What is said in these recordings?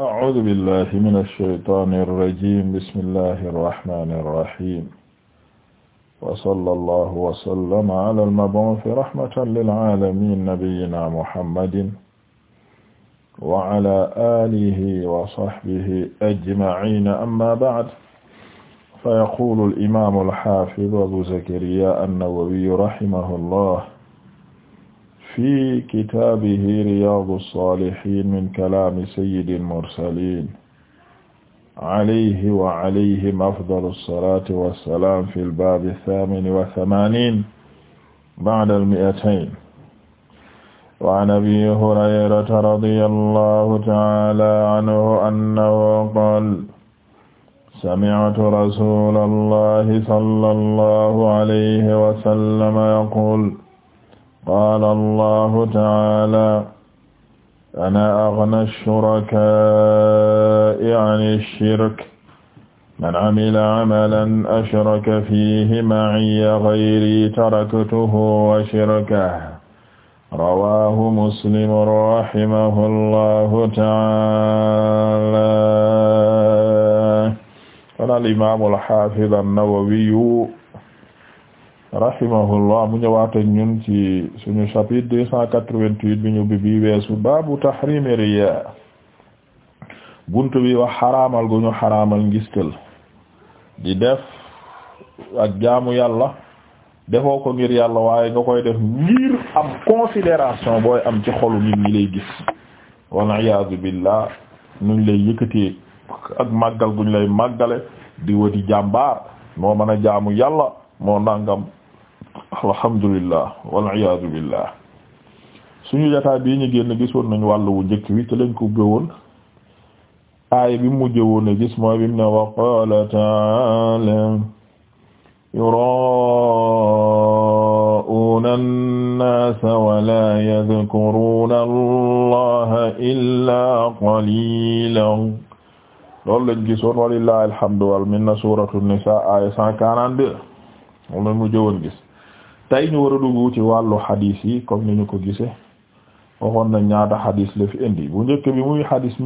أعوذ بالله من الشيطان الرجيم بسم الله الرحمن الرحيم وصلى الله وسلم على المبعوث رحمة للعالمين نبينا محمد وعلى آله وصحبه أجمعين أما بعد فيقول الإمام الحافظ أبو زكريا النووي رحمه الله fi kitaabihi riyaadu saalihiin min kalaami sayyidil mursaliin alayhi wa alayhim afdalu salaati wa salaam fil baabi saamini wa samaaniin ba'dal mi'atayn wa an abii hurayrata radiyallaahu ta'aalaa anhu annahu qaala sami'tu rasuulallaahi sallallaahu alayhi wa sallam yaquulu qaala allahu taala ana agna shuraka'i ani shirk man amila amalan ashraka fiihi ma'iya ghayri taraktuhu wa shirkahu rawaahu muslim rahimahu allahu taala qaala al imaamu al haafiz an-nawawiyu rahimahullah mu ñëwaat ak ñun ci suñu chapitre deux cent quatre-vingt-huit bi ñu bi weesu baabu tahrim riya buntu bi wax xaraamal gu ñu xaraamal ngistal di def ak jaamu yàlla defoo ko ngir yàlla waaye nga koy def ngir am considération booy am ci xolu nit ñi lay gis wal iyaazu billah nuñ lay yëkkatee ak màggal guñ lay màggale di wati jàmbaar moo mën a jaamu yàlla moo nangam alhamdulillah waliyasu billah suñu jataay bii ñu génn gisoon nañ wàll wu njëkk wi te lañ ko béwoon aaya bi mu mujjëwoon a gis mooy bimu ne wa qaala ta'ala yuraa'uuna an-naasa wa laa yadhkuruuna allaha illaa qaliilan loolu lañ gisoon walillahi alhamdu wal minna suuratu nisaa aaya cent quarante-deux moom lañ mujjëwoon gis tey ñu war a dugg ci wàllu xadis yi comme ni ñu ko gise waxoon nañ ñaata xadis la indi bu njëkk bi muy xadis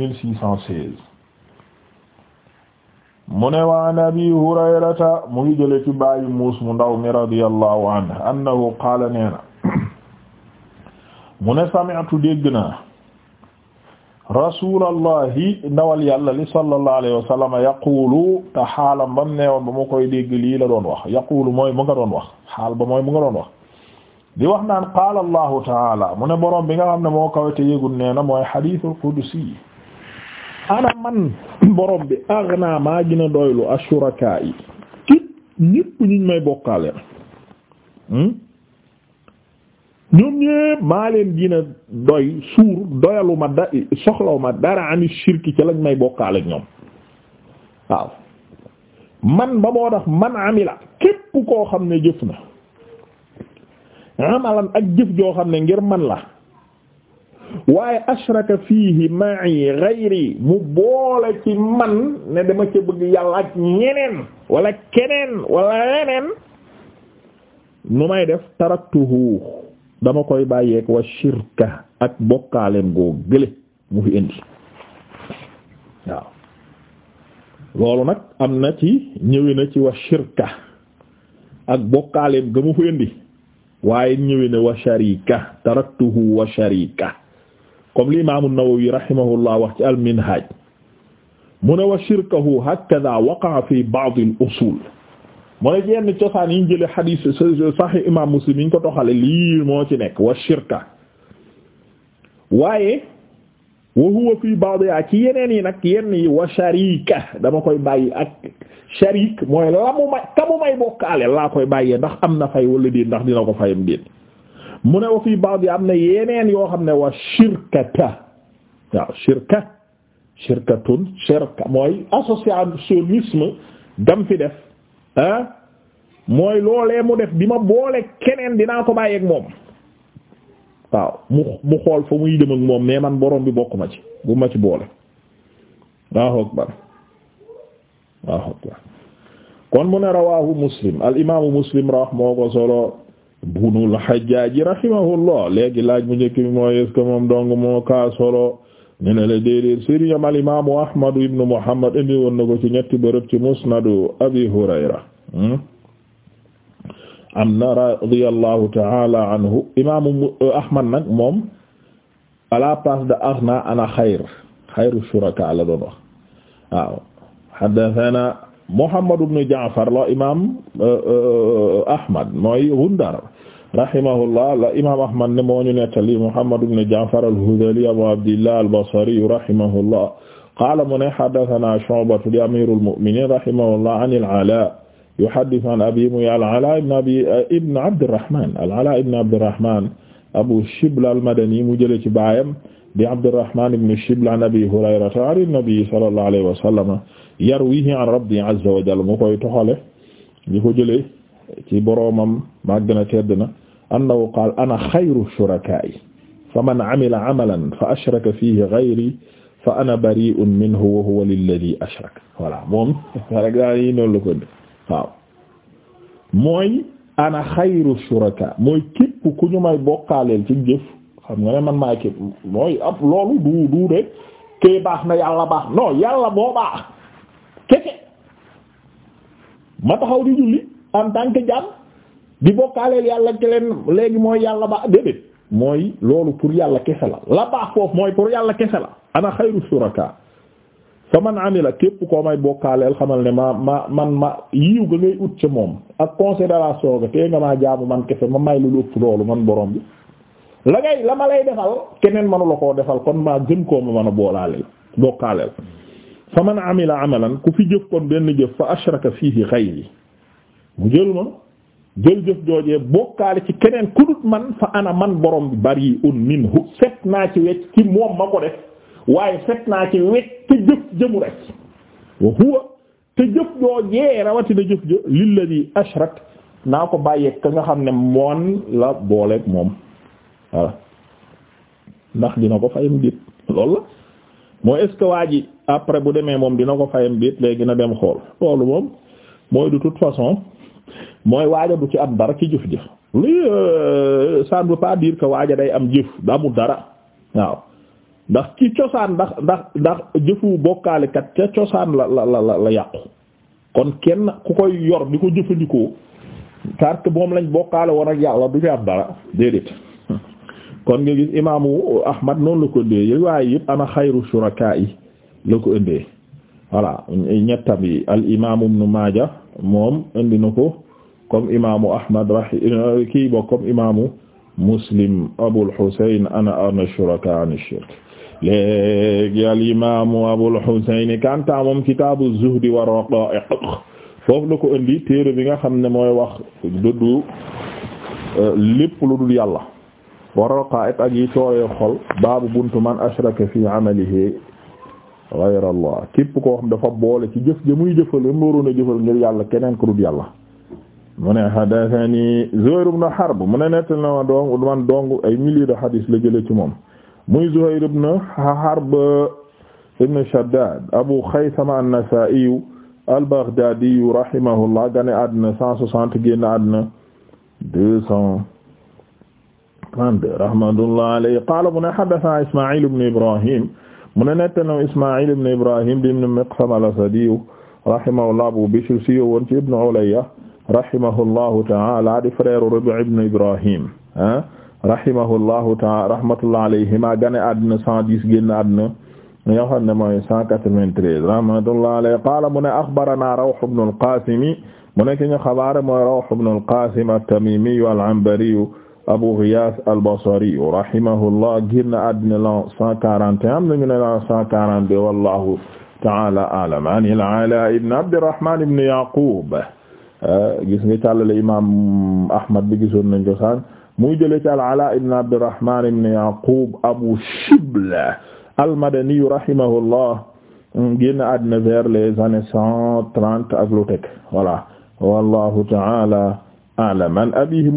mu ne wa an hurayrata mu ngi jële ci bàyyi muus mu ndaw mi radiyallahu anhu annahu qaala nee na mu ne sami'tu dégg naa rasulallahi ndawal yàlla li sallallahu alayhi wa sallam yaqulu te xaalam ba mu ba mu koy dégg lii la doon wax yaqulu mooy mu nga doon wax xaal ba mooy mu nga doon wax di wax naan qaala allahu taala mu ne boroom bi nga xam ne moo kawete yégul nee na mooy hadithul qudsi ana man boroom bi agna maa gën a doylu ashuraka yi kit ñépp ñuñ may bokkaale hmm? ñoom ñépp maa leen dina doy suur doyalu ma da soxlaw ma dara ami shirki ca lañ may bokkaale ñoom waaw man ba moo tax man amila képp koo xam ne jëf na amalan ak jëf joo xam ne ngir man la waaye ashraka fiihi ma'i ghayri mu boole ci man ne dama ca bëgg yàlla ak ñeneen wala keneen wala leneen nu may def taraktuhu dama koy bàyyeek wa shirka ak bokkaaleem goo gële mu fi indi waaw loolu nag am na ci ñëwi na ci wa shirka ak bokkaaleem ga mu fi indi waaye ñëwi na wa sharika taraktuhu wa sharika comme l'imam nawawi rahimahullah wax ci al mu ne wa shirkahu hakaza waqa'a fi ba'd al mu ne yenn cosaan yi ñu jëlee xadiis Sahih imam Muslim yi ñu ko toxale lii moo ci nekk wa shirka waaye wa huwa fii ba'diha ci yeneen yi nag yenn yi wa sharika dama koy bàyyi ak sharik mooy la mu may ka may bokkaale laa koy bàyyee ndax am na fay wala déet ndax dina ko fayam déet mu ne wa fii ba'diha am na yeneen yoo xam ne wa shirkata waaw shirka shirkatun shirka mooy associationnisme dam fi def ah mooy loolee mu def bi ma boole keneen dinaa ko bàyyeeg moom waaw mu xool fa muy dem ak moom mais man boroom bi bokk ma ci bu ma ci boole waaw akbar waaw akbar kon mu ne rawahu muslim al imaamu muslim rawax moo ko solo bunul hajjaaji rahimahullah léegi laaj mu njëkk bi mooy est-ce moom dong moo ka solo ñu ne la déedéet sëriñam al imaamu ahmadu ibnu muhammad indi woon na ko ci ñetti bërëb ci musnadu abi hurayra hmm? am na radiyallahu taala anhu imaamu euh, ahmad nag moom à la place de aghna ana xayr xayru shuraka la doon wax waaw haddathana muhammad ibnu jaafar la imaam euh, euh, ahmad mooy gundar rahimahullah la imam ahmad ne moo ñu nettali muhammad ibn ja'far al-hudhali abu abdillah al-basri rahimahullah qaala mu ne haddathana shu'batu di amirul mu'minin rahimahullah an al-ala yuhaddithu an abi mu al-ala ibn abi ibn abdirrahman al-ala ibn abdirrahman abu shibl al-madani mu jële ci baayam di abdirrahman ibn shibl an abi hurayrata an an-nabi sallallahu alayhi wa sallam yarwihi an rabbi azza wa jalla mu koy toxale di ko jële ci boroomam màgg na tedd na annahu qaala ana xayru shurakaa'i faman amila amalan fa ashraka fiihi ghayri fa ana bari'un minhu wa huwa lilladhi ashraka voilà moom rek daa yi noonu la ko def waaw mooy ana xayru shuraka mooy képp ku ñu may bokkaaleel ci jëf xam nga ne man maa képp mooy ab loolu du du de kee baax na yàlla baax non yàlla moo baax keke ma taxaw di julli en tant que jaam di bokkaaleel yàlla ke léegi mooy yàlla ba déedéet mooy loolu pour yàlla kese la la baax foofu mooy pour yàlla kese la ana xayru suraka fa man amila képp koo may bokkaaleel xamal ne ma ma man ma yiiw ga ngay ut moom ak considération ga tee nga maa man kese ma may lu ëpp loolu man borom bi la ngay la ma lay defal keneen manu la koo defal kon maa gën koo ma mën a boolaale boolaaleel bokkaaleel fa man amila amalan ku fi jëf kon benn jëf fa ashraka fii xayri mu jël ma jël jëf joojee bokkaale ci keneen kudut man fa ana man borom bi bari un minhu set naa ci wecc ci moom ma ko def waaye set naa ci wecc te jëf jëmu rek wa te jëf joojee rawatina jëf jo lilladi ashrak naa ko bàyyeeg ka nga xam ne moon la booleeg moom voilà ndax dina ko fayam biit loolu la mooy est waa ji après bu demee moom dina ko fayam biit léegi na dem xool loolu moom mooy de toute façon mooy waaja du ci am dara ci jëf-jëf lii euh, ça ne veut pas waaja day am jëf da amul dara waaw ndax ci cosaan ndax ndax ndax jëfu bokkaalekat ca cosaan la la la yàqu kon kenn ku koy yor di ko jëfandikoo parce que moom lañ bokkaale woon ak yàlla du ci am dara déedéet kon nga gis imaamu Ahmad noonu la ko indee waaye yëpp ana xayru shuraka la ko indee voilà ñettam yi al imaamu Ibnu Maaja moom indi na ko. comme imaamu Ahmad rahi kii bokk comme imaamu Muslim Abul Husayn ana ana shuraka an shirk léegi al imaamu Abul Husayn kanta moom kitaabu zuhdi wa raqaa'iq foofu la ko indi téere bi nga xam ne mooy wax dëddu euh, lépp lu dul yàlla wa raqaa'iq ak yi tooree xol baabu buntu man ashraka fi amalihi ghayra Allah képp koo xam dafa boole ci jëf ja muy jëfal mu waroon a jëfal ngir yàlla keneen ku dul yàlla mu ne hadathani Zuhayr ibn Harb mu ne nettal na ma dong man dong ay milliers de hadith la jële ci moom muy Zuhayr ibn Harb ibn Shaddad Abu Khaythama an-Nasa'i al-Baghdadi rahimahullah gane àddina cent soixante génn àddina deux cent trente-deux rahmatullah alayhi qaala mu ne hadathana Isma'il ibn Ibrahim mu ne nettal na Isma'il ibn Ibrahim ibn Miqsam al-Asadi rahimahullah Abu Bishr si woon ci Ibn Ulayya rahimahullahu ta'ala di frère Rabi' ibn Ibrahim ah rahimahullahu ta'ala rahmatullah alayhima gane àddina cent dix génn àddina ñoo xam ne mooy cent quatre-vingt-treize rahmatullah alayhi qaala mu ne akhbarana Rawh ibn al-Qasim mu ne ki ñu xabaare mooy Rawh ibn al-Qasim at-Tamimi al-Anbari Abu Ghiyath al-Basri rahimahullah génn àddina lan cent quarante et un am nañu ne lan cent quarante-deux wallahu ta'ala a'lam an al-Ala ibn Abd al-Rahman ibn Yaqub Euh, gis nga càllale imam ahmad bi gisoon nañ ko mu muy ci al-Alaa ibn Abdirrahmaan ibn Yaquub Abu Shibla al-Madani rahimahullah génn àddina vers les années cent trente ak lu teg mu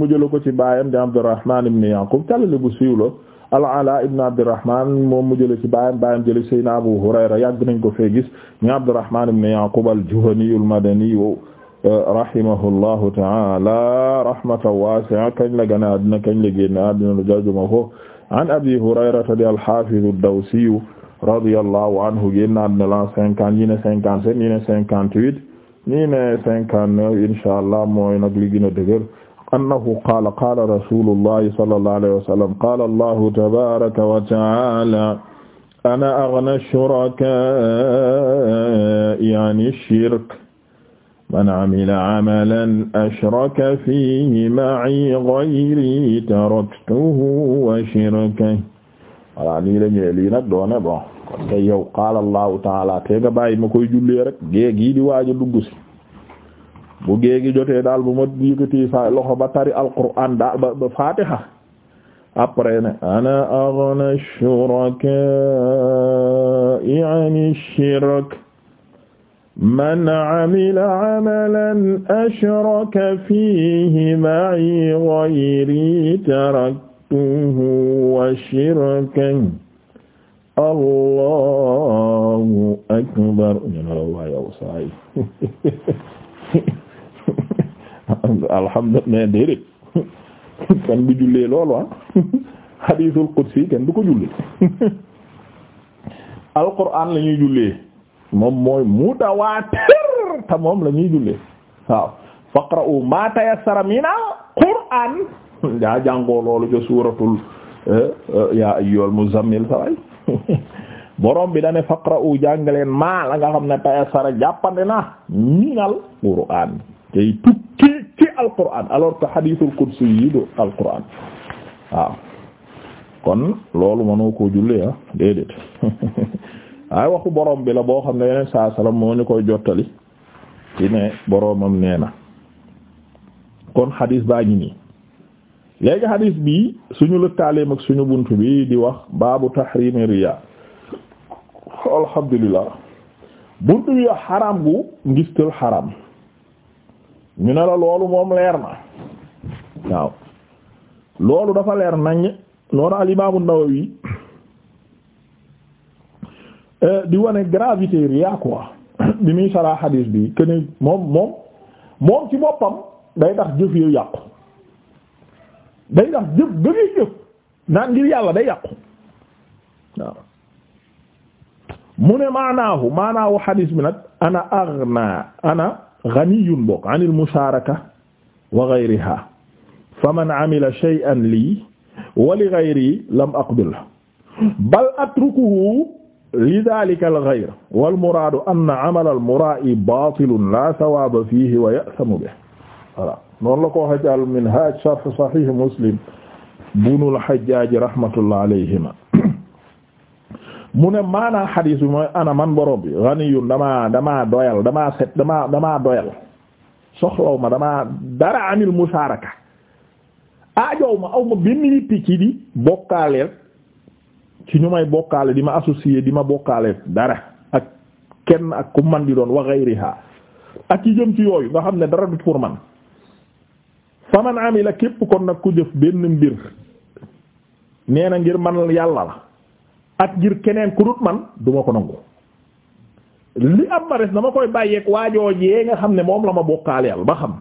jële ko ci baayam di Abdirrahmaan ibn Yaquub càllale bu siiw la al-Alaa ibn Abdirrahmaan moom mu jële ci baayam baayam jële Seydina Abu Hurayra yàgg nañ ko fee gis ñu Abdirrahmaan al-Juhani al-Madani rahimahullahu ta'ala rahmatan wasi'a kañ la gane àddina kañ la génn àddina lu jajuma foofu an abi hurayrata di al-hafiz ad-dawsi radiyallahu anhu génn àddina la cinquante ñi ne cinquante sept ñi ne cinquante huit ñi ne cinquante neuf inshaallah mooy nag li gën a dëgër annahu qaala qaala rasulullahi sallallahu alayhi wa sallam qaala allahu tabaraka wa ta'ala ana aghna ash-shuraka yani ash-shirk man amila amalan ashraka fiihi ma'i ghayri taraktuhu wa shirkahu voilà nii la ñëwee lii nag doone bon kon tey yow qaala allahu taala te nga bàyyi ma koy jullee rek géegii di waaj a dugg si bu géegi jotee daal bu ma yëkkati sa loxo ba tari alquraan daal ba ba fatiha après ne ana aghna shuraka ani shirk man amila amalan ashraka fiihi ma'i ghayri taraktuhu wa shirkahu allahu akbar alhamdulillah déedéet kenn du jullee loolu ah hadiisul qudsi kenn du ko jullee alquraan lañuy jullee moom mooy mutawaatir te moom la ñuy jullee waaw faqra'u ma tayassara mina qur'an yaa jàngoo loolu ca suuratul eh, yaa muzammil saway borom bi dane faqra'u jàngaleen maa la nga xam ne tayassara jàppande na minal qur'an tay tukki ci alqur'an alors que hadithul qudsi yi du alqur'an waaw kon loolu mënoo koo jullee ah déedéet waaye waxu borom bi la boo xam ne yeneen saa salaam moo ñu koy jottali ci ne boromam nee na kon xadis baa ngi nii léegi xadis bi suñu lëkkaaleem ak suñu bunt bi di wax baabu tahrimi riya alhamdulillah bunt bi wax xaram gu ngistal xaram ñu ne la loolu moom leer na waaw loolu dafa leer nañ noonu al imaamu Nawawi Euh, di wane gravité riyaa quoi bi muy saraa xadiis bi que ne moom moom moom ci boppam day tax jëf yu yàqu day tax jëf ba ngay jëf naan ngir yàlla day yàqu waaw mu ne maanaahu maanaahu xadiis bi nag ana aghnaa ana ghaniyun bok anil musharaka wa ghayriha faman amila shay'an lii wa li ghayri lam aqbil bal atrukuhu lidalika alghayr walmuraadu anna amala almuraa'i baatilun laa sawaaba fiihi wa ya'samu bihi voilà noonu la ko waxee ci al-Minhaaj sharh Sahih Muslim ibn al-Hajjaaj rahmatullah alayhima mu ne ana man borom bi ganiyun damaa damaa doyal ma damaa dara anil musaaraka aajow ma aw ma benn yitti ci di ci ñu may bokkaale di ma associé di ma bokkaale dara ak kenn ak ku man di doon wax ghayriha ak yi jëm ci yooyu nga xam ne dara du pour man faman amila képp kon nag ku jëf benn mbir nee na ngir man yàlla la ak ngir keneen ku dut man duma ko nangu li am ma res dama koy bàyyeek waajoojee nga xam ne moom la ma bokkaaleel ba xam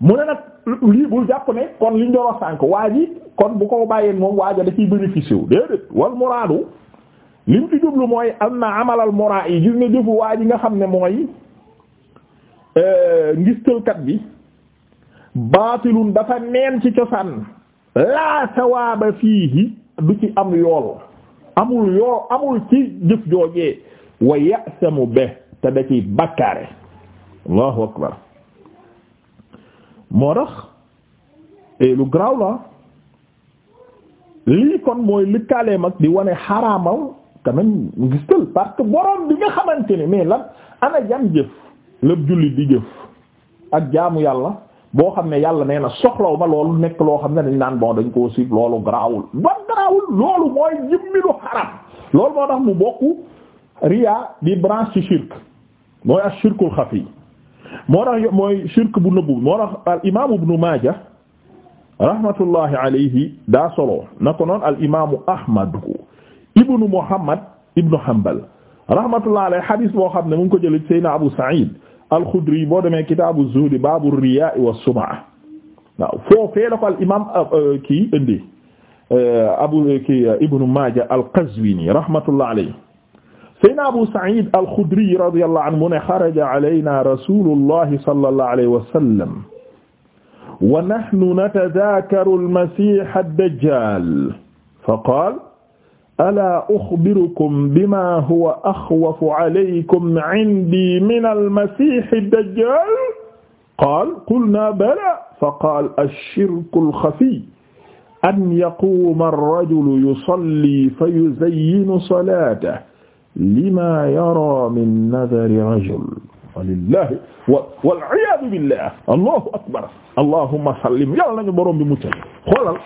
mu ne nag lii bul jàpp ne kon liñ doon wax sànk waa ji kon bu ko bàyyeen moom waaja da ciy bénéficié wu déedéet wal muraadu lim ci jublu mooy am na amalal mura yi gis nga waa ji nga xam ne mooy euh, ngistalkat bi baatilun dafa neen ci cosaan laa fii fiihi du ci am yool amul yool amul ci jëf joojee wa yasamu be te da ciy bakkaare allahu akbar moo tax lu garaaw lii kon mooy lëkkaaleem mag di wane xaraamal quand même ngistal parce que borom bi nga xamante ne mais la ana jam jëf lépp jullit di jëf ak jaamu yàlla boo xam ne yàlla nee na soxlaw ma loolu nekk loo xam ne dañ naan bon dañ koo siif loolu garaawul ba garaawul loolu mooy jëmmi lu xaraam loolu moo tax mu bokk riya di branche ci shirk mooy ak shirkul xafi moo tax mooy shirk bu nëbbu moo tax al imaamu ibnu Maaja rahmatullahi alayhi daa solo na ko noon al imaamu Ahmad ibnu Muhammad ibnu Hanbal rahmatullahi alayhi hadis boo xam ne mu ngi ko jëlee Seydina Abu Saïd al-Khudri boo demee kitaabu zuhd baabu riyaa wa sum'a waaw foofee la ko al imaam euh, euh, kii indi euh, Abu kii Ibnu Maaja al-Qazwini rahmatullahi alayhi Sayyidina Abu Sa'id al-Khudri radiyallahu anhu mu ne xaraja alaynaa rasuulullahi sallallahu alayhi wa sallam wa nahnu natadaakaru al-masiiha ad-dajjaal faqaala alaa uxbirukum bimaa huwa axwafu alaykum indii mina al-masiihi ad-dajjaal qaala qulnaa balaa faqaala ash-shirku al-xafiyy an yaquuma ar-rajulu yusalli fayuzayyinu salaatahu lima yara min nadari rajul walillahi wa waliyadu billah allahu akbar allahumma sallim yàlla nañu borom bi muccal xoolal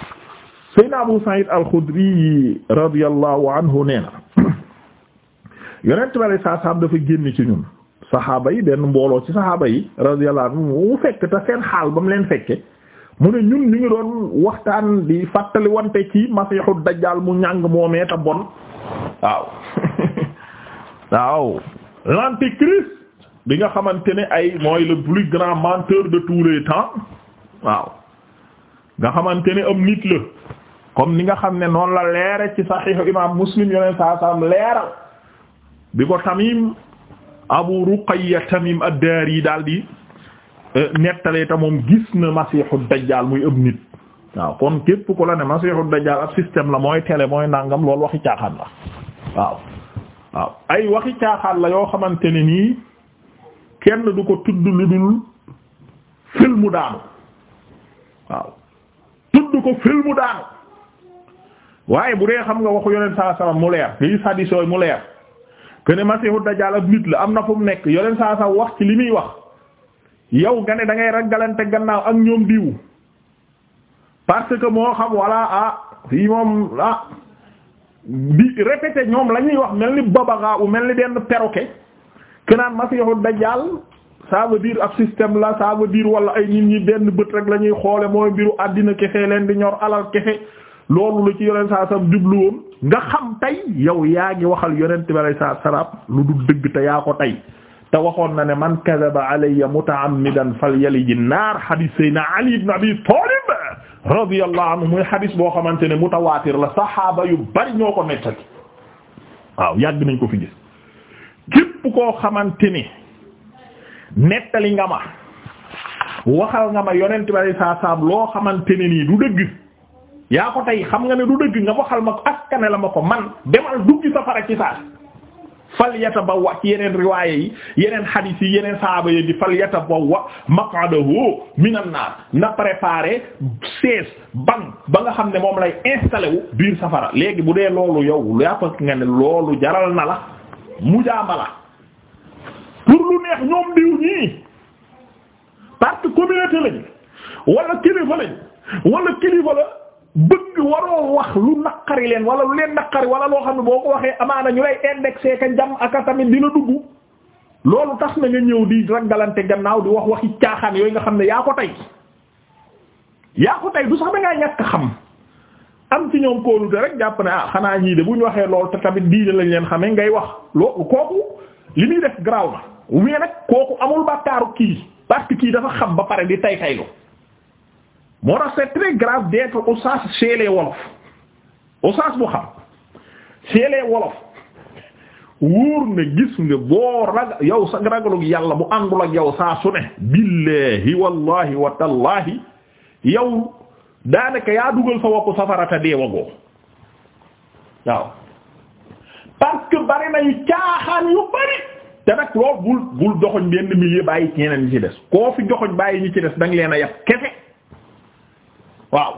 saydna Abu Sa'id al-Khudri radiyallahu anhu nee na yonent bi alayhi salaam dafa génn ci ñun saxaaba yi benn mbooloo ci saxaaba yi radiyallahu anhu mu fekk te seen xaal ba mu leen fekke mu ne ñun ñu ngi doon waxtaan di fàttali wante ci masiixu dajjaal mu ñàng moomee te bon waaw waaw l'antichrist bi nga xamante ne ay mooy le plus grand menteur de tous les temps waaw nga xamante ne am nit la comme ni nga xam ne noonu la leere ci saxiixu imam muslim yoneen saa leeral bi ko tamim abu a tamim ad yi daal di euh, nettalee ta moom gis na masiixu dajjaal muy ëpp nit waaw kon képp ku la ne masiixu dajjaal ab système la mooy télé mooy nangam lool waxi caaxaan la waaw waaw ay waxi caaxaan la yoo xamante ne nii kenn du ko tudd lu dul filmu daanu waaw tudd ko filmu daanu waaye bu dee xam nga waxu yonen saa salaam mu leer li hadiis mu leer que ne masiixu dajjaal ab nit la am na fu mu nekk yonent saa salaam wax ci li muy wax yow nga ne dangay ngay raggalante gannaaw ak ñoom diwu parce que moo xam walla ah fii moom ah. di répété ñoom lañuy wax mel ni babaxa u mel ni benn perroquet kenaan masiixu dajjaal ça veut dire ab système la ça veut dire wala ay nit ñi benn bët rek la ñuy xoole mooy mbiru àddina kefe leen di ñor alal kefe loolu lu ci yonent saa sam jubluwoon nga xam tey yow yaa ngi waxal yonent bi alay saa sarab lu dul dëgg te yaa ko tey te waxoon na ne man kadaba alayya mutaammidan falyaliji naar hadith sayna ali ibn abi talib radiyallahu anhu muy xadis boo xamante ne mutawaatir la saxaaba yu bari ñoo ko nettali waaw yàgg nañ ko fi gis képp koo xamante ni nettali nga ma waxal nga ma yonent bi saa saam loo xamante ne nii du dëgg yaa ko tey xam nga ne du dëgg nga waxal ma ko askane la ma ko man demal duggi safara ci falyatabawwa ci yeneen riwaaya yi yeneen hadith yi yeneen saaba yi di falyatabawwa maq'adahu minan naar na préparé seize ban ba nga xam ne moom lay installé biir safara léegi bu dee loolu yow lu yàpp nga ne loolu jaral na la mujaamala pour lu neex ñoom diw ñii parce que communauté lañu wala kilifa lañu wala kilifa la bëgg waroo wax lu naqari leen wala lu leen naqari wala loo xam ne boo ko waxee amaana ñu lay indexé ka jam aka tamit dina dugg loolu tax na nga ñëw di raggalante gannaaw di wax waxi caaxaan yooyu nga xam ne yaa ko tey yaa ko tey du sax da ñàkk xam am ci ñoom kóolute rek jàpp ne ah xanaa ñii de bu ñu waxee loolu te tamit diine lañ leen xamee ngay wax loolu kooku li muy def garaaw na nag kooku amul bàkkaaru kii parce kii dafa xam ba pare di tay taylu moo tax c'est très grave d'être oustaz chez les wolof oustaz bu xam chez wolof wóor na gis nga boo ragal yow sa ragalug yàlla bu àndul ak yow saa su ne billahi wallahi wa tallahi yow daanaka yaa dugal sa woppu safarata deewagoo waaw parce que bari nañu caaxaan yu bari te nag loolu bul bul joxoñ benn milieu bàyyi ci ñi ci des koo joxoñ bàyyi ñi ci des danga leen a yab kese waaw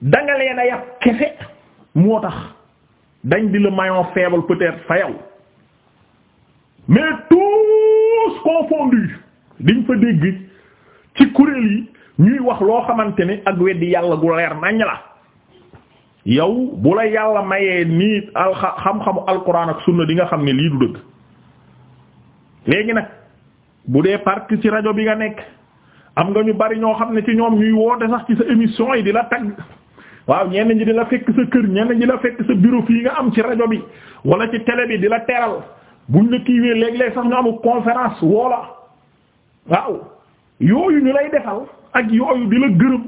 danga leen a yàq kese moo tax dañ di le maillon faible peut fa yow mais tous confondus diñ fa dégg ci kuréel yi ñuy wax loo xamante ni ak weddi yàlla gu leer nañ la yow bu la yàlla mayee nii al xam-xamu alquran ak sunna di nga xam ne lii du dëgg léegi nag bu dee parti ci rajo bi nga nekk am nga ñu bari ñoo xam ne ci ñoom ñuy woote sax ci sa émission yi di la tagg waaw ñenn ñi dina la fekk sa kër ñenn ñi la fekk sa bureau fii nga am ci rajo bi walla ci télé bi di la teral buñ la kiiwee léeg-léeg sax ñu amu conférence woola waaw yooyu ñu lay defal ak yooyu di la gërëm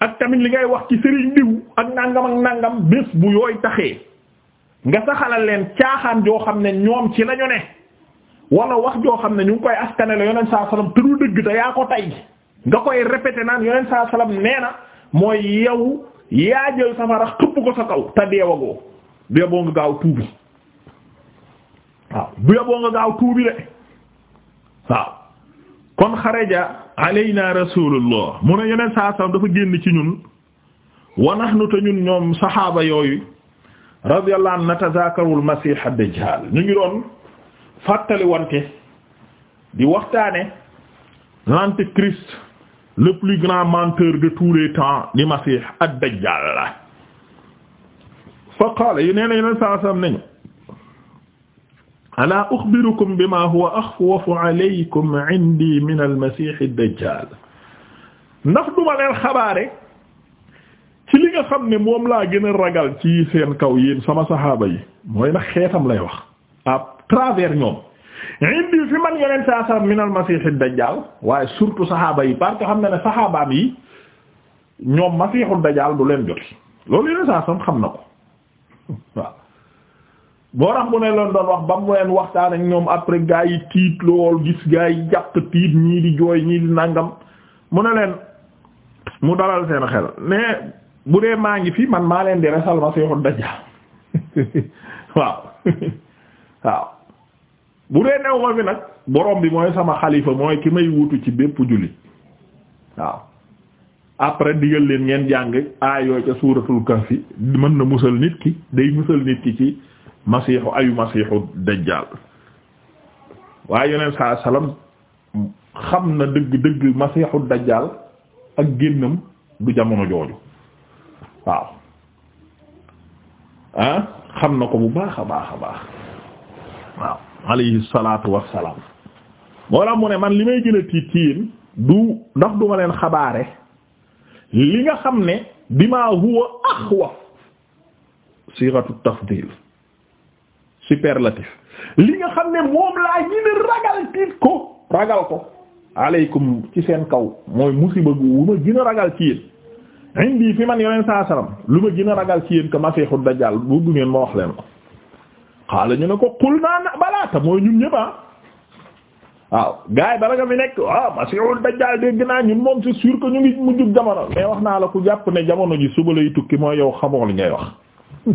ak tamit li ngay wax ci sëriñ diw ak nangam ak nangam bés bu yooy taxee nga saxalal leen caaxaan joo xam ne ñoom ci lañu ne wala wax joo xam ne ñu ngi koy askanale yoneen saa salaam te du dëgg te yaa nga koy répété naan yoneen saa salaam nee na mooy yow yaa jël safara xëpp ko sa kaw te deewagoo bu yoboo nga gaaw tuubi waaw bu yoboo nga gaaw tuubi de waaw kon xaraja alayna rasulullah mu ne yoneen saa salaam dafa génn ci ñun wa nahnu te ñun ñoom saxaaba yooyu radiyallahu anhu natazakarul masih ad-dajjal ñu ngi doon fàttali wante di waxtaane l'antéchrist le plus grand menteur de tous les temps di Masih ad-Dajjal fa qaala yi nee na yeneen saa sam nañu alaa uxbirukum bima huwa axwafu alaykum indi min al-Masih ad-Dajjal ndax duma leen xabaare ci li nga xam ne moom laa gën a ragal ci seen kaw yéen sama saxaaba yi mooy nag xeetam lay wax à travers ñoom indi fi man yeneen saa saa min al masiixi dajjaal waaye surtout saxaaba yi parce xam na ne saxaabaam yi ñoom masiixu dajjaal du leen joti loolu yeneen saa saa xam na ko waaw boo tax bu ne leen doon wax ba mu leen waxtaan ak ñoom après gaa yi tiit lool gis gaa yi jàpp tiit ñii di jooy ñii di nàngam mu ne leen mu dalal seen xel mais bu dee maa ngi fi man maa leen di resal masiixu dajjaal waaw waaw bu dee new ma fi nag borom bi mooy sama xalifa mooy ki may wutu ci bépp jullit waaw après digal leen ngeen jàng aayoo ca suuratul kahfi mën na musal nit ki day musal nit ki ci masiixu ayu masiixu dajjal waaye yoneen saa salaam xam na dëgg dëgg masiixu dajjal ak génnam du jamono jooju waaw ah na ko bu baax a baax a baax waaw alayhi salaatu wassalaam moo la mu ne man li may gën a tiit ci yéen du ndax du leen xabaare li nga xam ne dima huwa axwaf sighatu tafdil superlatif li nga xam ne moom laa gën a ragal tiit ko ragal ko aleykum ci seen kaw mooy musiba gu wu ma gën a ragal ci yéen indi fi man yoneen saa salaam lu ma gën a ragal ci yéen que masiixu dajjaal bu ngeen ma wax leen ko xaala ñu ne ko xul naa balaata mooy ñun ñëpp ah waaw gars yi bala nga fi nekk ah masihul dajjal dégg naa ñun moom c'est sûr que ñu ngi mujjug jamono mais wax naa la ku jàpp ne jamono ji suba lay tukki mooy yow xamoo li ngay wax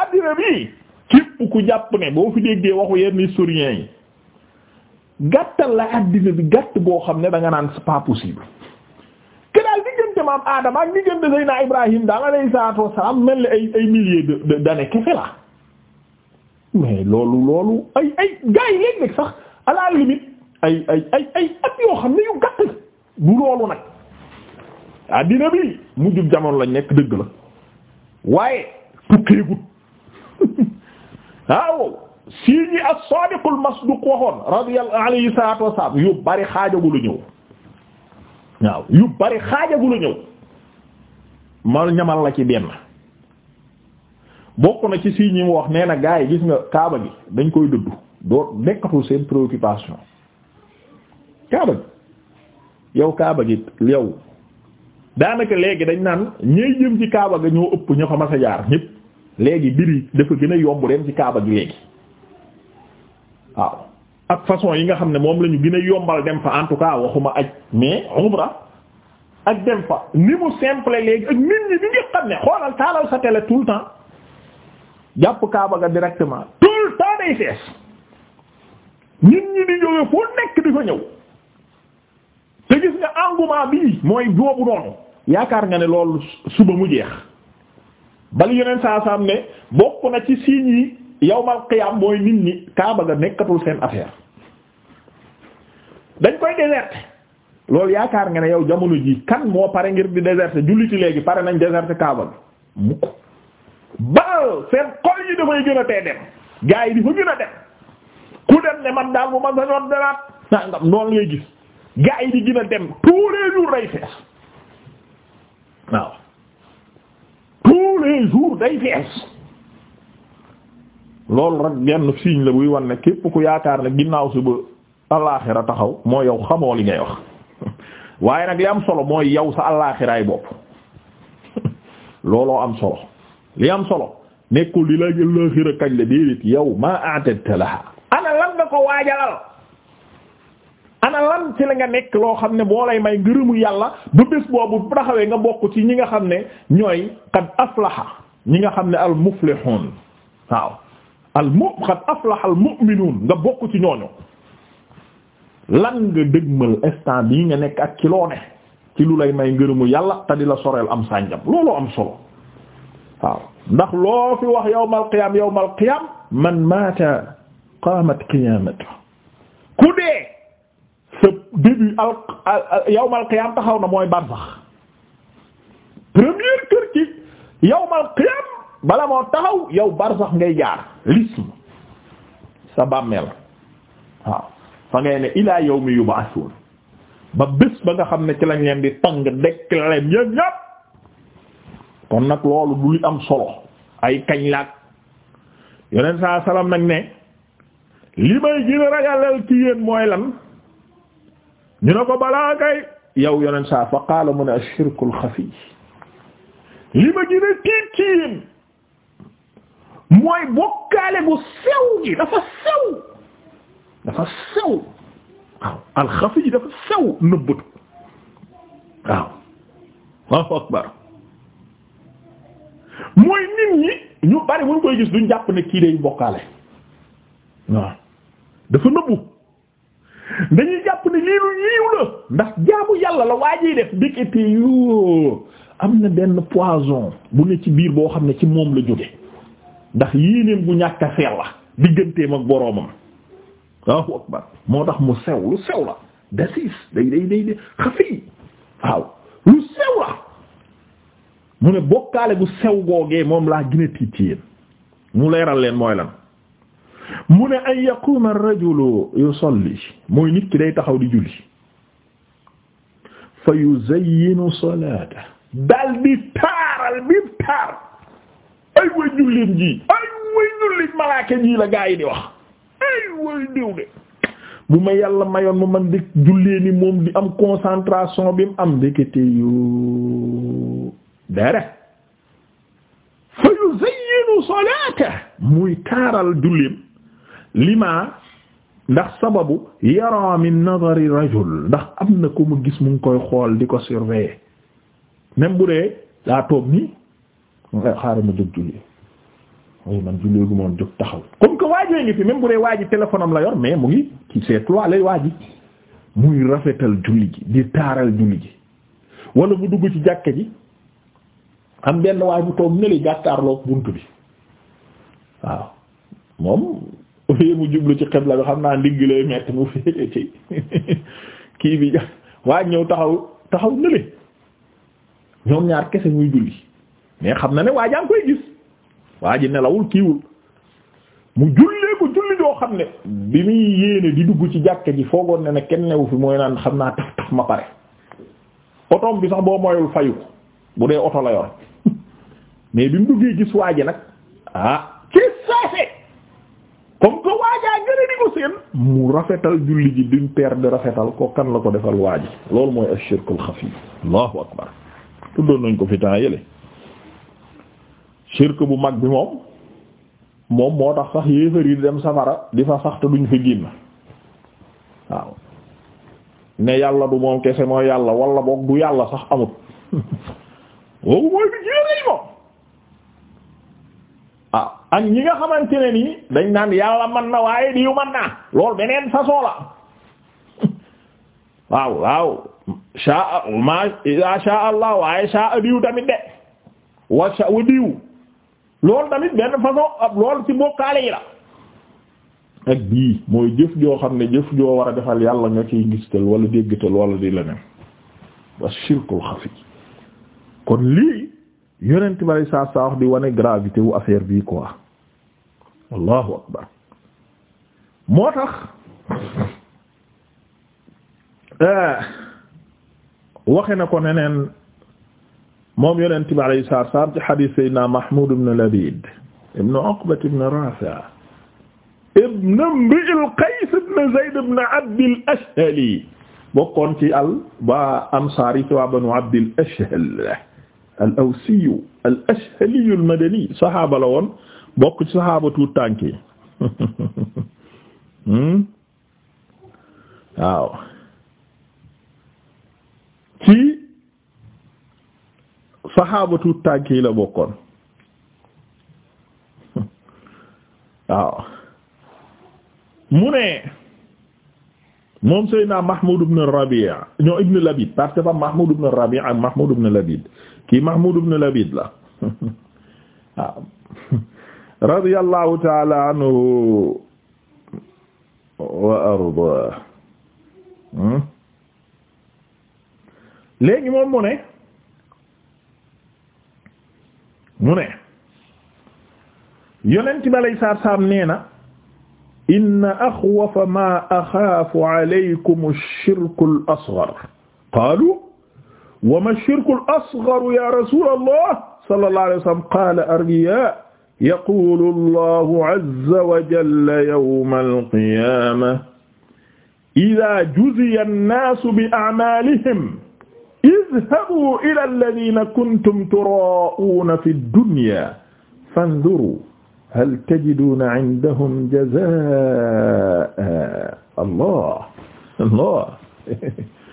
addina bi képp ku jàpp ne boo fi déggee waxu yenn historiens yi gàttal la addina bi gàtt boo xam ne danga naan c'est possible diggante maam Adama ak diggante Seydina Ibrahim daal alayhi salaatu wassalaam mel ni ay ay milliers de d'années kese la mais loolu loolu ay ay gars yi léeg sax à la ay ay ay ay at yoo xam ne yu gàtt bu loolu nag addina bi mujjub jamono lañ nekk dëgg la waaye tukkeegut waaw sii ñi as-sadiqul masduq waxoon radiyallahu alayhi salaatu wassalaam yu bari xaajagula ñëw waaw yu bari xaajagu ñëw ma ñamal la ci benn bokk na ci si ñi mu wax nee na gaa yi gis nga kaaba gi dañ koy dëddu doo nekkatul seen préoccupation kaaba gi yow kaaba gi yow daanaka léegi dañ naan ñey jëm ci kaaba ga ñoo ëpp ña fa mas ñépp léegi biri dafa gën a yomb dem ci kaaba gi léegi waaw ak façon yi nga xam ne moom la ñu gën a yombal dem fa en tout cas waxuma aj mais umra ak dem fa ni mu simple léegi nit ñi bi nga ne xoolal taalal sa télé tout le temps jàpp Kaaba ga directement tout le temps day fees nit ñi di jóge foo nekk di fa ñëw te gis nga engouement bii mooy boobu noonu yaakaar nga ne loolu suba mu jeex bal yeneen saa saam ne bokk na ci signes yi yawmal qiyaam mooy nit ñi kaaba ga nekkatul seen affaire dañ koy déserté loolu yaakaar nga ne yow jamono ji kan moo pare ngir di déserté julliti léegi pare nañ déserté kaaba bi mukk baal seen xol yi dafay gën a tee dem gaa yi di fa gën a dem ku dem ne man daal bu ma sa yoon dalaat nangam noonu ngay gis gaa yi di gën a dem tous les jours day fees waaw tous les jours day fees loolu rek benn signe la buy wan ne képp ku yaakaar ne ginnaaw suba alaaxira taxaw moo yow xamoo li ngay wax waaye nag li am solo mooy yow sa alaaxiraay bopp looloo am solo li am solo nekkul li la alaaxira kañ la déedéet yow maa a'tadta laha ana nga ko waajalal ana lan ci nga nekk loo xam ne boo lay may ngërëmu yàlla bu bés boobu bu taxawee nga bokk ci ñi nga xam ne ñooy qad aflaha ñi nga xam ne al muflihun waaw al mu xad aflaha al mu'minuun nga bokk ci ñooñu lan nga dëgmal instant bii nga nekk ak ci loo ne ci lu lay may ngërëmu yàlla te di la soreel am sànjam loolu am solo waaw ndax loo fi wax yawmal qiyaam yawmal qiyaam man maata qaamat qiyaamatu ku dee sa début al yawmal qiyaam taxaw na mooy barsax première kër ci yawmal qiyaam bala moo taxaw yow barsax ngay jaar lism sa bàmmeel waaw fa ngay ne ilaa yawmi yub'athun ba bés ba nga xam ne ci lañ leen di tàng dekk leen yéen ñépp kon nag loolu du li am solo ay kañ laag yoneen saa salaam nag ne li may gën a ragalal mooy lan ñu ne ko balaa kay yow yoneen saa fa qaala ne ash-shirku al-xafi li ma gën a tiit ci mooy bokkaale bu sew gi dafa sew dafa sew waaw alxafi yi dafa sew nëbbatu waaw Allahu akbar mooy nit ñi ñu bari mun koy gis duñ jàpp ne kii day bokkaale waaw dafa nëbbu dañuy jàpp ne lii lu yiw la ndax jaamu yàlla la waa jiy def dëkkate yoo am na benn poison bu ne ci biir boo xam ne ci moom la jóge ndax yéenéem bu ñàkk a seel la digganteem ak boroomam moo tax mu sew lu sew la dasiis day day day day xafi waaw lu sew la mu ne bokkaale bu sew googee moom laa gën a tiit ci mu leeral leen mooy lan mu ne an yaquma ar-rajulu yusalli mooy nit ki day taxaw di julli fa yuzayyinu salaata dal di taaral bi taar ay way jullit malaake ji la gaa yi di wax ay way diw de bu ma yàlla mayoon ma man di jullee ni moom di am concentration bi mu am ndekete yu dara fa yuzayyinu salaata muy taaral julleem lima ndax sababu yara min rajul ndax am na ko mu gis mu ngi koy xool di ko surveiller même bu dee daa toog nii nga xaaral ma jóg julli oui man julli bu moom jóg taxaw comme que waajoo ngi fi même bu dee waaji téléphone am la yor mais mu ngi ci seetluwaa lay waaji muy rafetal julli ji di taaral julli ji wala dugg ci jàkke ji am benn waay bu toog neli bunt bi waaw moom yee mu jublu ci xibla bi xam naa ndigg lay metti mu féete ci kii bi waaj ñëw taxaw taxaw neli ñoom ñaar kese muy julli mais xam na ne waa jaa koy gis waa ji nelawul kiiwul mu jullee julli joo xam ne bi muy yéene di dugg ci jàkka ji foogoon ne ne kenn newu fi mooy naan xam naa taf taf ma pare otoom bi sax boo moyul fayu ko bu dee oto la yor mais bi mu duggee gis waa ji nag ah ci saase comme que waajaa gën a ko seen mu rafetal julli ji duñ perdre rafetal ko kan la ko defal waa loolu mooy ashirkul xafi allahu akbar tuddoon nañ ko fi temps yële shirk bu mag bi moom moom moo tax sax yéefar yi dem safara di fa sax te duñ fi génn waaw ne yàlla du moom kese mooy yàlla wala boog du yàlla sax amut woowu mooy bi jéeréy ah, ñi nga xamante ne nii dañ naan yàlla man na waaye diw man naa loolu beneen façon waaw waaw sha ma sha allah waaye sha diw tamit de wa wa diw loolu tamit benn façon ab loolu ci bokkaale yi la ak bii mooy jëf joo xam ne jëf joo war a defal yàlla nga ciy ngistal wala déggtal wala di leneen wa shirkul xafi kon lii yonent bari saa saa wax di wane gravité wu affaire bii quoi allahu akbar moo tax euh, waxe na ko neneen moom yonent bi alayhi salaatu salaam ci hadiis Seydina Mahmoud ibn Labiid ibn Uqba ibn Raafi' ibn Imri'il Qays ibn Zayd ibn Abdil Ashhali bokkoon ci al waa Ansaar yi ci waa Banu Abdil Ashhal al-Awsiyu al-Ashhaliyu al-Madani saxaaba la woon bokk ci saxaaba tuut tànk yi hmm? waaw ci saxaabatu tànk yi la bokkoon waaw mu ne moom Seydina Mahmoud ibn Rabi'a ñoo ibn Labid parce que ba Mahmoud ibn Rabi'a ak Mahmoud ibn Labid kii Mahmoud ibn Labid la waaw ta'ala anhu wa arda hmm? léegi moom mu ne mu ne yonent bi alay saat salaam nee na inna axwafa ma axaafu alaykum ash-shirku al-asghar qaalu wa ma ash-shirku al-asghar ya rasul allah sallallahu alayhi wa sallam qaala ar-riyaa yaqulu allahu azza wa jalla yawma al-qiyaamah idaa juziya an-naasu bi a'maalihim izhabu ila alladhina kuntum turaa'una fi dunya fanzuru hal tajiduna indahum jazaa'a allah allah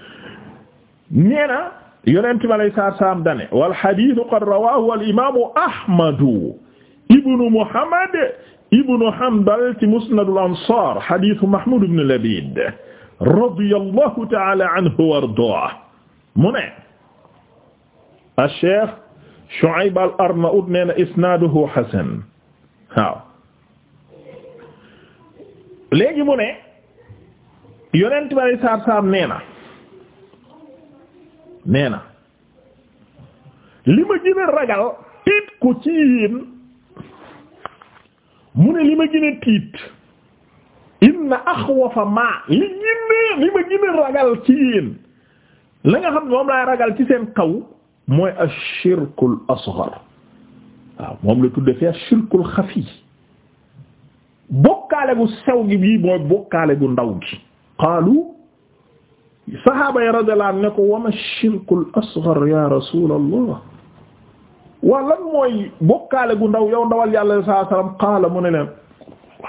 nee na yonent bi alayhi salaatu wa salaam dane wal hadiith qad rawaahu al imaamu ahmadu ibnu muhammad ibnu hanbal ci musnadul ansaar hadiith mahmud ibn labiid radiyallahu ta'ala anhu wa ardaahu mu ne acheikh Shu'ayb al-Arnaout nee na isnaaduhu hasan waaw léegi mu ne yonent bari saar saar nee na nee na li ma gën a ragal tiit ko ci yéen mu ne li ma gën a tiit inna axwafa ma li gën a li ma gën a ragal ci yéen la nga xam moom laay ragal ci seen kaw mooy ash-shirkul asghar waaw moom la tudde fi ash-shirkul xafi bokkaale gu sew gi bii ndaw gi qaalu sahaaba yi radiyallahu anhum ne ko wa ma ash-shirkul ya rasulallah waa lan mooy bokkaale gu ndaw yow ndawal yàlla sallallahu ne leen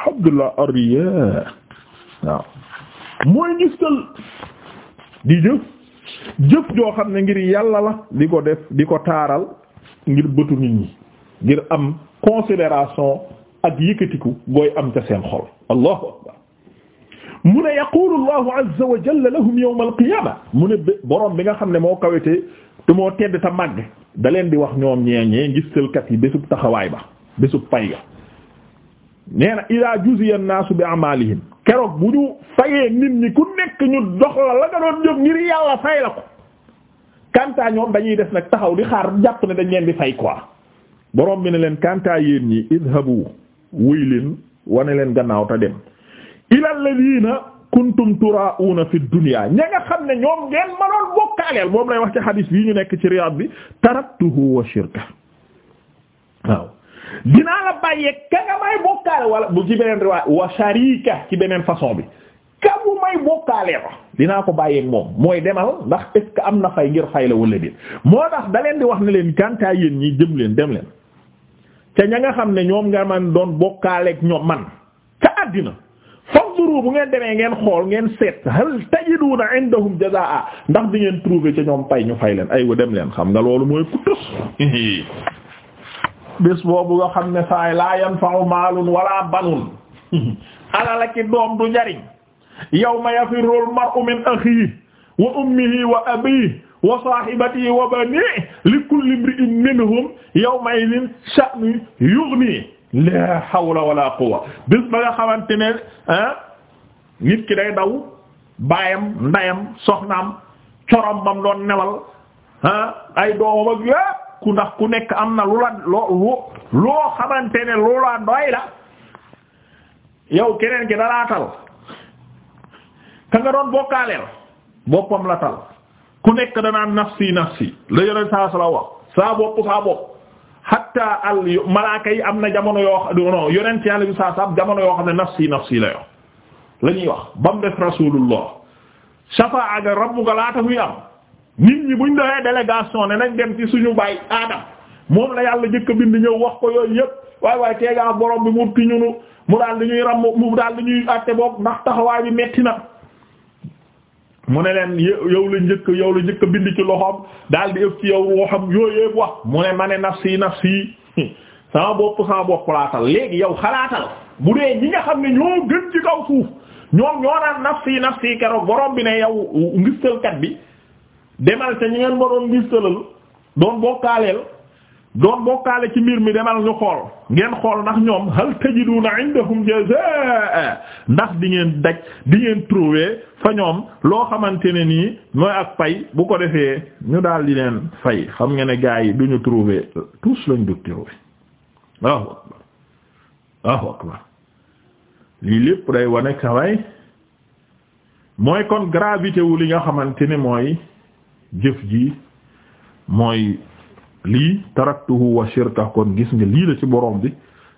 Abdullah ar-riyaa waaw mooy gistal jëf joo xam ne ngir yàlla la di ko def di ko taaral ngir bëtu nit ñi ngir am considération ak yëkkatiku gooy am ca seen xol allahu akbar mu ne yaqulu allahu azza wa lahum yawm alqiyama mu ne boroom bi nga xam ne moo kawete te moo tedd te màgg da bi wax ñoom ñeeñee ngis sëlkat yi bésub taxawaay ba bésub pay ga nee na ila juziya naasu bi amalihim keroog bu ñu fayee nit ñi ku nekk ñu dox la la nga doon jóg ngir yàlla fay la ko kantaa ñoom dañuy des nag taxaw di xaar jàpp ne dañ leen di fay quoi borom bi ne leen kantaa yéen ñi idhabu wuy leen wane leen gannaaw te dem ila alladhina kuntum turauna fi dunya ña nga xam ne ñoom ngeen manoon bokkaaleel moom lay wax ci hadis bii ñu nekk ci Riyad bi taraktuhu wa shirka waaw dinaa la bàyyee ka nga may bokkaale wala bu ci beneen riwaay wa sharika ci beneen façon bi ka bu may bokkaalee ma dinaa ko bàyyeeg moom mooy demal ndax est ce am na fay ngir fay la wala moo tax da leen di wax ne leen kantaa yéen ñi jëm leen dem leen ca ña nga xam ne ñoom nga man doon bokkaaleeg ñoom man ca àddina fanzuru bu ngeen demee ngeen xool ngeen seet hal tajiduna indahum jazaa ndax di ngeen trouver ca ñoom pay ñu fay leen aywa dem leen xam loolu mooy bés boobu nga xam ne saay laa yanfa'u maalun wala banun alal ak doom du njariñ yawma yafirru al-mar'u min akhihi wa ummihi wa abihi wa saahibatihi wa banihi li kulli imri'in minhum yawma idhin sha'nun yughnihi laa hawla wala quwwa bés ba nga xamante ne ah nit ki day daw baayam ndayam soxnaam corom bam doon newal ah ay doomam ak ku ndax ku nekk am na lu la loo loo xamante ne lu la doy la yow keneen ki dalaa tal ka nga doon bokkaaleel boppam la tal ku nekk danaan nafsi nafsi la yore saa sala wax saa bopp saa bopp hatta al malaaka yi am na jamono yoo non yonent yàlla bi saa jamono yoo xam ne nafsi nafsi la yoo la ñuy wax ba mu def rasulullah shafaa ga rabbuka laata muy am nit ñi buñ doxee délégation ne nañ dem ci suñu baay Adam moom la yàlla jëkk bind ñëw wax ko yooyu yëpp waaye waaye teegaa borom bi mu ti ñunu mu daal di ñuy ramm mu daal di ñuy àtte boog ndax taxawaay bi metti na mu ne leen yow la njëkk yow la njëkk bind ci loxoom daal di ëpp ci yow waxam yooyu yëpp wax mu ne ma ne nafsi nafsi sama bopp sama bopp laatal léegi yow xalaatal bu dee ñi nga xam ne ñoo gën ci kaw suuf ñoom ñoo naan nafsi nafsi keroog borom bi ne yow ngistalkat bi demal te ñi ngeen ba doon ngistalal doon bokkaaleel doon bokkaale ci mbir mi demal ñu xool ngeen xool ndax ñoom hal tajiduna indahum jazaa ndax di ngeen daj di ngeen trouver fa ñoom loo xamante ne nii mooy ak pay bu ko defee ñu daal di leen fay xam nga ne gars yi duñu ñu trouver tous lañ du trouver waaw akbar lii lépp day wane kaway mooy kon gravité li nga xamante ne mooy jëf ji mooy lii taraktuhu wa shirka kon gis nga lii la ci borom bi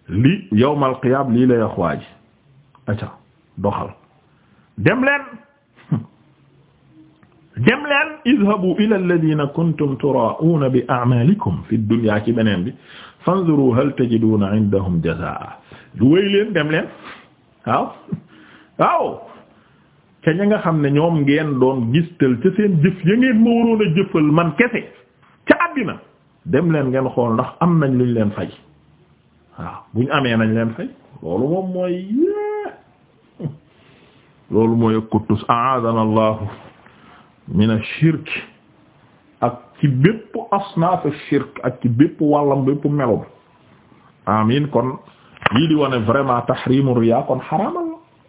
li yawmal qiyaam lii la yaxwaa ji aca doxal dem leen dem leen idhabu ila alladhina kuntum turaa'una bi a'malikum fi dunya ci beneen bi fanzuru hal tajiduna indahum jazaa du wéy leen dem leen waaw waaw ca nga xam ne ñoom ngeen doon gistal ca seen jëf ya ngeen ma waroon a jëfal man kese ca àddina dem leen ngeen xool ndax am nañ luñ leen fay waaw buñ amee nañ leen fay loolu moom mooy loolu mooy kuttus aadana allahu min ash-shirk ak ci bépp kon lii di wane vraiment tahrimu riya kon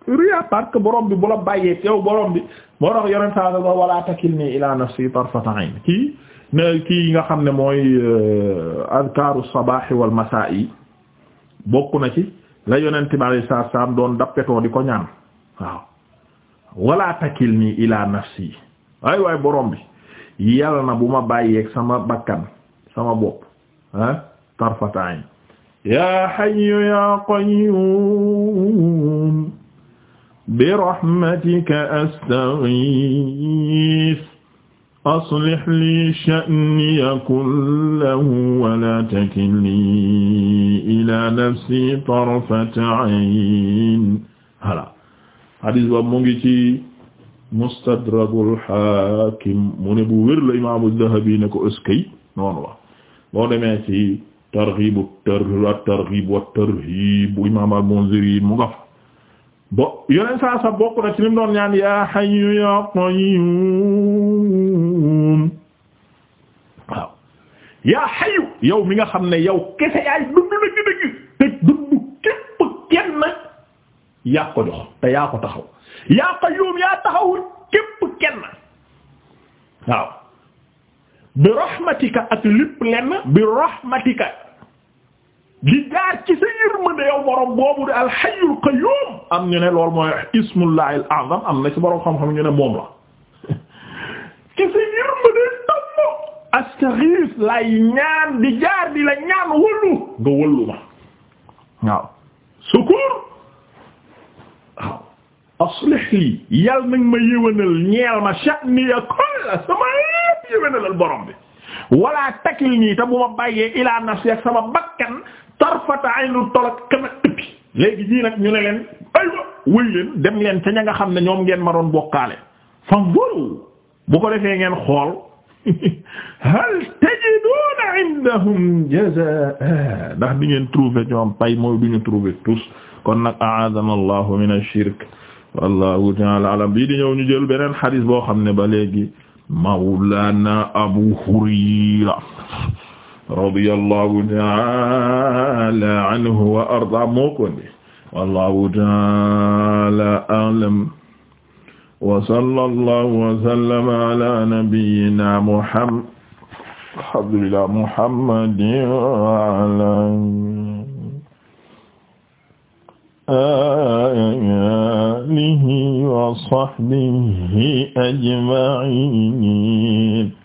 riya parce que borom bi bu la bàyyee yow borom bi moo tax yonent saa sa wala takilni ila nafsi tarfata ayn kii ne kii nga xam ne mooy euh, azkaru sabaahi wal yi bokk na ci la yonent bi alayhi salaam doon dappetoo di ko ñaan waaw wala takilni ila nafsi ay waay borom bi yàlla na bu ma bàyyeeg sama bakkan sama bopp ah tarfata ayn ya hayyu ya qayyum birahmatika astaghith aslih li sha'niya kullahu wa la takilni ila nafsi tarfata 'ayn hala hadis ba mu ngi ci mustadrakul hakim mu ne bu wér la imaamu Dahabi ne ko ëskay noonu la boo demee ci targhib at-targhib wa at-tarhib imaam al-Munziri mu nga fa bo yoneen saa sa bokk na ci lim doon ñaan yaa hayyu yaa qayyum waaw yaa hayyu yow mi nga xam ne yow kese yaay dund la gi dëgg te dund képp kenn yaa ko jox te yaa ko taxaw yaa qayyum yaa taxaw képp kenn waaw bi rahmatika ak lépp lenn bi rahmatika gi jaar ci sa yërmande yow borom boobu de alhayyul qayyum am ñu ne loolu mooy ismullahil a'zam am na ci borom xam-xam ñu ne moom la ci sa yërmande tamm astaghis lay ñaan di jaar di la ñaan wëllu nga wëllu ma waaw sukur waaw aslih li yal nag ma yëwénal ñeel ma sha'ni ya kulla sama yëpp yëwénalal borom bi wala takil nii te bu ma bàyyee ila nafsi ak sama bakkan tarfata aynu tolak xana ëppi léegi ñii nag ñu ne leen aywa wëy leen dem leen ca ña nga xam ne ñoom ngeen ma doon bokkaale fanzuru bu ko defee ngeen xool hal tajiduna indahum jazaa ndax di ngeen trouver ñoom pay mooy duñu trouver tous kon nag a'adana allahu min ash-shirk wallahu ta'ala alam bii di ñëw ñu jël beneen xadis boo xam ne ba léegi mawlana abu hurayra radiyallahu ta'ala anhu wa arda moo ko ndi wallahu ta'ala a'lam wa sallallahu wa sallama ala nabiyyina muhammad alhamdulillah muhammadin wa ala alihi wa sahbihi ajma'in